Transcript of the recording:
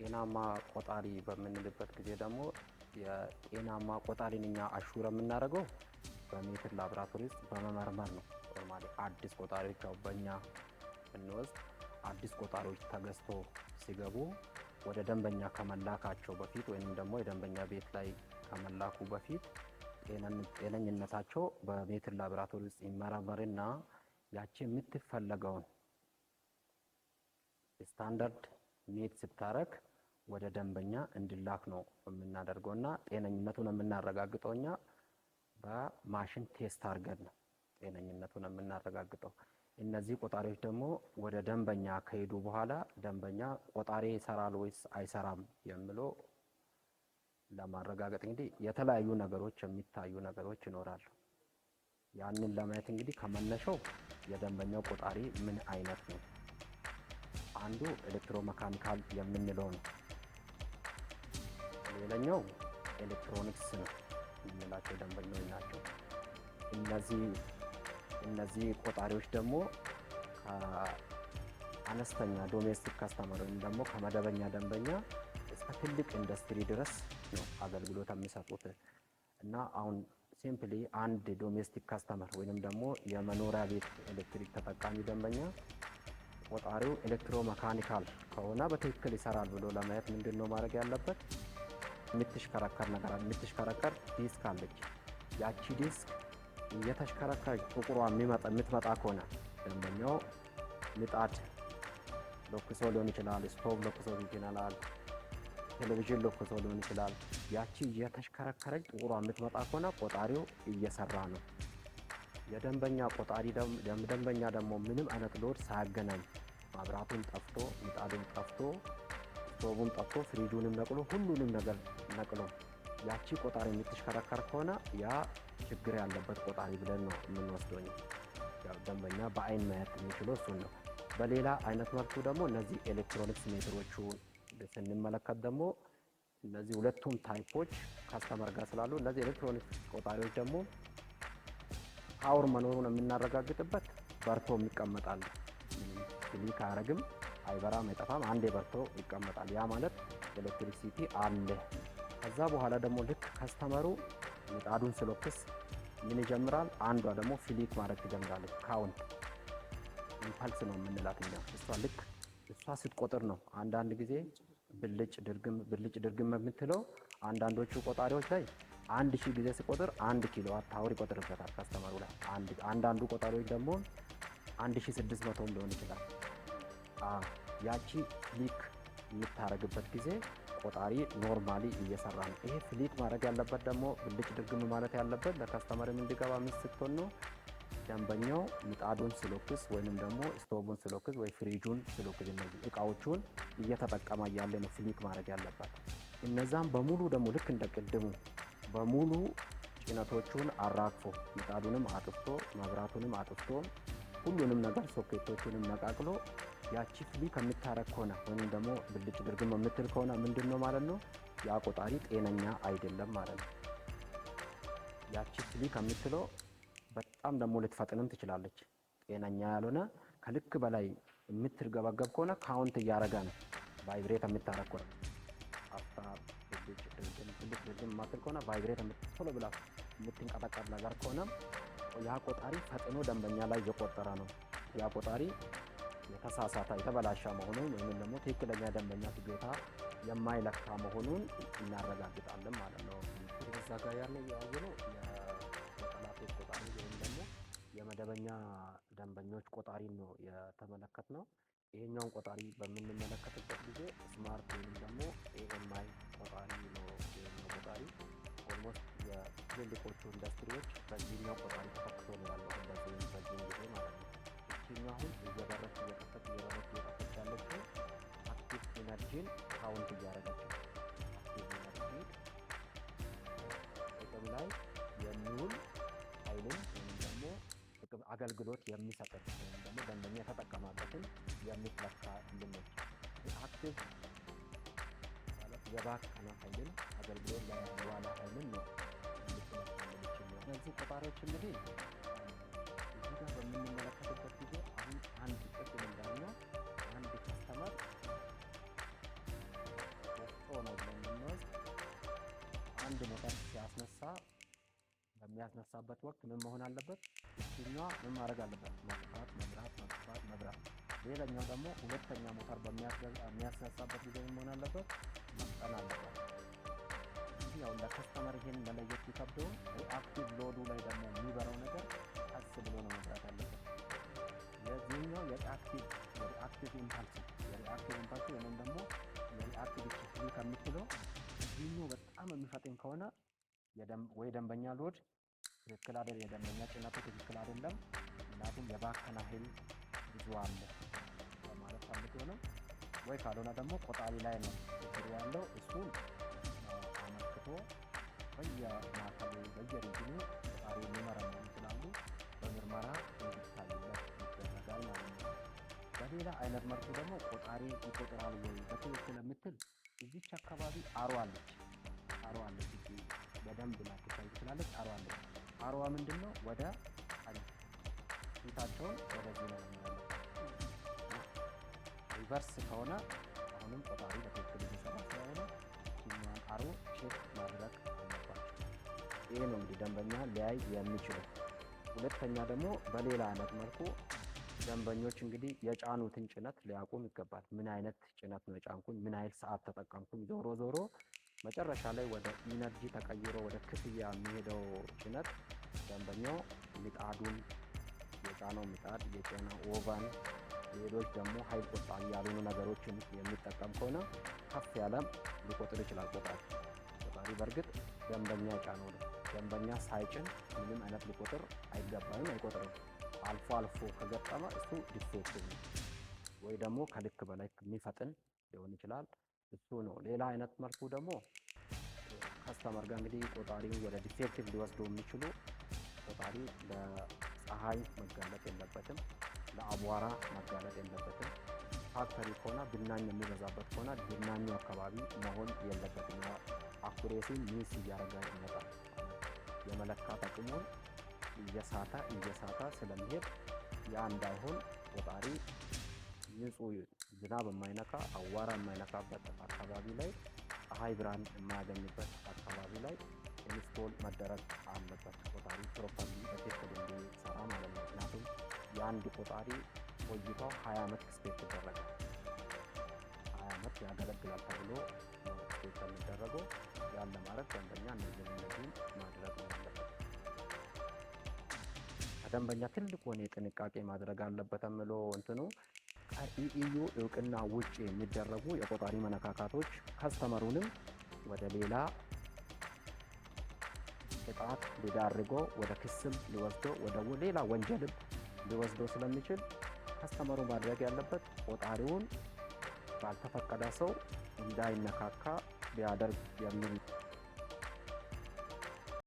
ጤናማ ቆጣሪ በምንልበት ጊዜ ደግሞ የጤናማ ቆጣሪን እኛ አሹር የምናደርገው በሜትር ላብራቶሪ ውስጥ በመመርመር ነው። ኖርማሊ አዲስ ቆጣሪዎች ያው በእኛ ብንወስድ አዲስ ቆጣሪዎች ተገዝቶ ሲገቡ ወደ ደንበኛ ከመላካቸው በፊት ወይም ደግሞ የደንበኛ ቤት ላይ ከመላኩ በፊት ጤነኝነታቸው በሜትር ላብራቶሪ ውስጥ ይመረመርና ያቺ የምትፈለገውን ስታንዳርድ ሜት ስታረግ ወደ ደንበኛ እንዲላክ ነው የምናደርገው እና ጤነኝነቱን የምናረጋግጠው እኛ በማሽን ቴስት አድርገን ነው ጤነኝነቱን የምናረጋግጠው። እነዚህ ቆጣሪዎች ደግሞ ወደ ደንበኛ ከሄዱ በኋላ ደንበኛ ቆጣሪ ይሰራል ወይስ አይሰራም የሚለው ለማረጋገጥ እንግዲህ የተለያዩ ነገሮች የሚታዩ ነገሮች ይኖራሉ። ያንን ለማየት እንግዲህ ከመነሻው የደንበኛው ቆጣሪ ምን አይነት ነው፣ አንዱ ኤሌክትሮ መካኒካል የምንለው ነው። ሌላኛው ኤሌክትሮኒክስ የምንላቸው ደንበኞች ናቸው። እነዚህ ቆጣሪዎች ደግሞ አነስተኛ ዶሜስቲክ ከስተመር ወይም ደግሞ ከመደበኛ ደንበኛ እስከ ትልቅ ኢንዱስትሪ ድረስ ነው አገልግሎት የሚሰጡት እና አሁን ሲምፕሊ አንድ ዶሜስቲክ ከስተመር ወይንም ደግሞ የመኖሪያ ቤት ኤሌክትሪክ ተጠቃሚ ደንበኛ ቆጣሪው ኤሌክትሮ መካኒካል ከሆነ በትክክል ይሰራል ብሎ ለማየት ምንድን ነው ማድረግ ያለበት? የምትሽከረከር ነገር አለ። የምትሽከረከር ዲስክ አለች። ያቺ ዲስክ እየተሽከረከረች ጥቁሯ የምትመጣ ከሆነ ደንበኛው ምጣድ ለኩሶ ሊሆን ይችላል፣ ስቶቭ ለኩሶ ሊሆን ይችላል፣ ቴሌቪዥን ለኩሶ ሊሆን ይችላል። ያቺ እየተሽከረከረች ጥቁሯ የምትመጣ ከሆነ ቆጣሪው እየሰራ ነው። የደንበኛ ቆጣሪ ደንበኛ ደግሞ ምንም አይነት ሎድ ሳያገናኝ ማብራቱን ጠፍቶ ምጣዱን ጠፍቶ ስቶቡን ጠፍቶ ፍሪጁንም ነቅሎ ሁሉንም ነገር ነቅሎ ያቺ ቆጣሪ የምትሽከረከር ከሆነ ያ ችግር ያለበት ቆጣሪ ብለን ነው የምንወስደው። ደንበኛ በአይን ማየት የሚችለው እሱን ነው። በሌላ አይነት መልኩ ደግሞ እነዚህ ኤሌክትሮኒክስ ሜትሮቹ ስንመለከት ደግሞ እነዚህ ሁለቱም ታይፖች ካስተመር ጋር ስላሉ እነዚህ ኤሌክትሮኒክስ ቆጣሪዎች ደግሞ ፓወር መኖሩን የምናረጋግጥበት በርቶ የሚቀመጣል ክሊክ አያረግም። አይበራም አይጠፋም። አንዴ በርቶ ይቀመጣል። ያ ማለት ኤሌክትሪሲቲ አለ። ከዛ በኋላ ደግሞ ልክ ከስተመሩ ምጣዱን ስሎክስ ምን ይጀምራል? አንዷ ደግሞ ፊሊት ማድረግ ትጀምራለች። ካውንት ኢምፓልስ ነው የምንላት እኛ። እሷ ልክ እሷ ስትቆጥር ነው አንዳንድ ጊዜ ብልጭ ድርግም ብልጭ ድርግም የምትለው። አንዳንዶቹ ቆጣሪዎች ላይ አንድ ሺህ ጊዜ ሲቆጥር አንድ ኪሎዋት አወር ይቆጥርበታል ከስተመሩ ላይ። አንዳንዱ ቆጣሪዎች ደግሞ አንድ ሺህ ስድስት መቶም ሊሆን ይችላል። ያቺ ፍሊክ የምታረግበት ጊዜ ቆጣሪ ኖርማሊ እየሰራ ነው። ይሄ ፍሊክ ማድረግ ያለበት ደግሞ ብልጭ ድርግም ማለት ያለበት ለከስተመርም እንዲገባ ምን ስትሆን ነው ደንበኛው ምጣዱን ስሎክስ ወይንም ደግሞ ስቶቡን ስሎክስ ወይ ፍሪጁን ስሎክስ እነዚህ እቃዎቹን እየተጠቀመ ያለ ነው ፍሊክ ማድረግ ያለበት። እነዛም በሙሉ ደግሞ ልክ እንደ ቅድሙ በሙሉ ጭነቶቹን አራግፎ ምጣዱንም አጥፍቶ መብራቱንም አጥፍቶ ሁሉንም ነገር ሶኬቶቹንም ነቃቅሎ ያቺ ፍሊ ከምታረግ ከሆነ ወይም ደግሞ ብልጭ ድርግም የምትል ከሆነ ምንድን ነው ማለት ነው? ያ ቆጣሪ ጤነኛ አይደለም ማለት ነው። ያቺ ፍሊ ከምትለው በጣም ደግሞ ልትፈጥንም ትችላለች። ጤነኛ ያልሆነ ከልክ በላይ የምትርገበገብ ከሆነ ካውንት እያረገ ነው። ቫይብሬት የምታረግ ከሆነ አፍታ ብልጭ ድርግም የማትል ከሆነ ቫይብሬት ቶሎ ብላ የምትንቀጠቀጥ ነገር ከሆነ ያ ቆጣሪ ፈጥኖ ደንበኛ ላይ እየቆጠረ ነው። ያ ቆጣሪ የተሳሳተ የተበላሸ መሆኑን ወይም ደግሞ ትክክለኛ ደንበኛ ፍጆታ የማይለካ መሆኑን እናረጋግጣለን ማለት ነው። እዛ ጋር ያለ ያየ ነው የጠላቶች ቆጣሪ ወይም ደግሞ የመደበኛ ደንበኞች ቆጣሪ ነው የተመለከት ነው። ይሄኛውን ቆጣሪ በምንመለከትበት ጊዜ ስማርት ወይም ደግሞ ኤኤምአይ ቆጣሪ ነው። ይሄኛው ቆጣሪ ኦልሞስት የትልልቆቹ ኢንዱስትሪዎች በዚህኛው ቆጣሪ ተፈክቶ ነው ያለው። እንደዚህ በዚህ ጊዜ ማለት ነው ይችኛው አሁን እየከፈት እየረበት እየከፈት ያለችው አክቲቭ ኢነርጂን ካውንት እያደረገችው አክቲቭ ኢነርጂ ጥቅም ላይ የሚውል ኃይልን ወይም ደግሞ አገልግሎት የሚሰጥን ወይም ደግሞ ደንበኛ የተጠቀማበትን የሚለካ ልሞች አክቲቭ ማለት የባከነ ኃይልን አገልግሎት ላይ ኃይልን ነው እነዚህ ቆጣሪዎች እንግዲህ እዚህ ጋር በምንመለከትበት አንድ ሞተር ሲያስነሳ በሚያስነሳበት ወቅት ምን መሆን አለበት? እሱኛዋ ምን ማድረግ አለበት? ማጥፋት፣ መብራት፣ ማጥፋት፣ መብራት። ሌላኛው ደግሞ ሁለተኛ ሞተር በሚያስነሳበት ጊዜ ምን መሆን አለበት? ማጠን አለበት። እንግዲህ ያው ለከስተመር ይሄን መለየት ቢከብደውም አክቲቭ ሎዱ ላይ ደግሞ የሚበረው ነገር ቀስ ብሎ ነው መብራት አለበት። የዚህኛው የአክቲቭ የሪአክቲቭ ኢምፓልስ የሪአክቲቭ ኢምፓልስ ወይም ደግሞ የሪአክቲቭ ክፍል ከምትለው ጓደኛው በጣም የሚፈጥን ከሆነ ወይ ደንበኛ ሎድ ትክክል አይደለም፣ የደንበኛ ጭነቱ ትክክል አይደለም። ምክንያቱም የባከነ ህል ብዙ አለ ማለት ፈልግ ነው። ወይ ካልሆነ ደግሞ ቆጣቢ ላይ ነው ችግሩ ያለው። እሱን አመልክቶ በየማዕከሉ በየሪጅኑ ቆጣሪ ሊመረመሩ ይችላሉ። በምርመራ እንዲታይበት ይደረጋል ማለት ነው። በሌላ አይነት መልኩ ደግሞ ቆጣሪ ይቆጥራል ወይ በትክክል የምትል እዚች አካባቢ አሮ አለች። አሮ አለች በደንብ ማክሳይ ትችላለች። አሮ አለች። አሮዋ ምንድን ነው? ወደ ቀኝ ፊታቸውን ወደዚህ ነው ሪቨርስ ከሆነ አሁንም ቆጣሪ በትክክል እየሰራ ስለሆነ ኛን አሮ ቼክ ማድረግ አለባቸው። ይህ ነው እንግዲህ ደንበኛ ሊያይ የሚችለው። ሁለተኛ ደግሞ በሌላ አይነት መልኩ ደንበኞች እንግዲህ የጫኑትን ጭነት ሊያውቁም ይገባል። ምን አይነት ጭነት ነው የጫንኩኝ? ምን አይነት ሰዓት ተጠቀምኩኝ? ዞሮ ዞሮ መጨረሻ ላይ ወደ ኢነርጂ ተቀይሮ ወደ ክፍያ የሚሄደው ጭነት ደንበኛው ምጣዱን የጫነው ምጣድ የጫነው ኦቫን፣ ሌሎች ደግሞ ኃይል ቆጣቢ ያልሆኑ ነገሮችን የሚጠቀም ከሆነ ከፍ ያለም ሊቆጥር ይችላል። ቆጣሪ ቆጣሪ በእርግጥ ደንበኛ የጫነው ነው። ደንበኛ ሳይጭን ምንም አይነት ሊቆጥር አይገባም፣ አይቆጥርም። አልፎ አልፎ ከገጠመ እሱ ዲስቶርሽን ነው ወይ ደግሞ ከልክ በላይ የሚፈጥን ሊሆን ይችላል። እሱ ነው። ሌላ አይነት መልኩ ደግሞ ከስተመር ጋር እንግዲህ ቆጣሪውን ወደ ዲፌክቲቭ ሊወስዱ የሚችሉ ቆጣሪ ለፀሐይ መጋለጥ የለበትም፣ ለአቧራ መጋለጥ የለበትም። ፋክተሪ ከሆነ ብናኝ የሚበዛበት ከሆነ ብናኙ አካባቢ መሆን የለበትም። አኩሬሲ ሚስ እያደረገ ይመጣል የመለካት አቅሙን እየሳታ እየሳታ ስለሚሄድ ያ እንዳይሆን ቆጣሪ ንጹህ ዝናብ የማይነካ አዋራ የማይነካበት አካባቢ ላይ ፀሐይ ብርሃን የማያገኝበት አካባቢ ላይ ኢንስቶል መደረግ አለበት። ቆጣሪ ፕሮፐርሊ በቴክል እንዲሰራ ማለት ነው። ምክንያቱም የአንድ ቆጣሪ ቆይታው ሀያ ዓመት ስፔት ይደረጋል። ሀያ ዓመት ያገለግላል ተብሎ ስፔት የሚደረገው ያለ ለማድረግ አንደኛ እነዚህ እነዚህ ማድረግ ነው። ከደንበኛ ሆነ የጥንቃቄ ማድረግ አለበት ምሎ እንትኑ ከኢኢዩ እውቅና ውጭ የሚደረጉ የቆጣሪ መነካካቶች ከስተመሩንም ወደ ሌላ ቅጣት ሊዳርጎ ወደ ክስም ሊወስዶ ወደ ሌላ ወንጀልም ሊወስዶ ስለሚችል ከስተመሩ ማድረግ ያለበት ቆጣሪውን ባልተፈቀደ ሰው እንዳይነካካ ሊያደርግ የሚል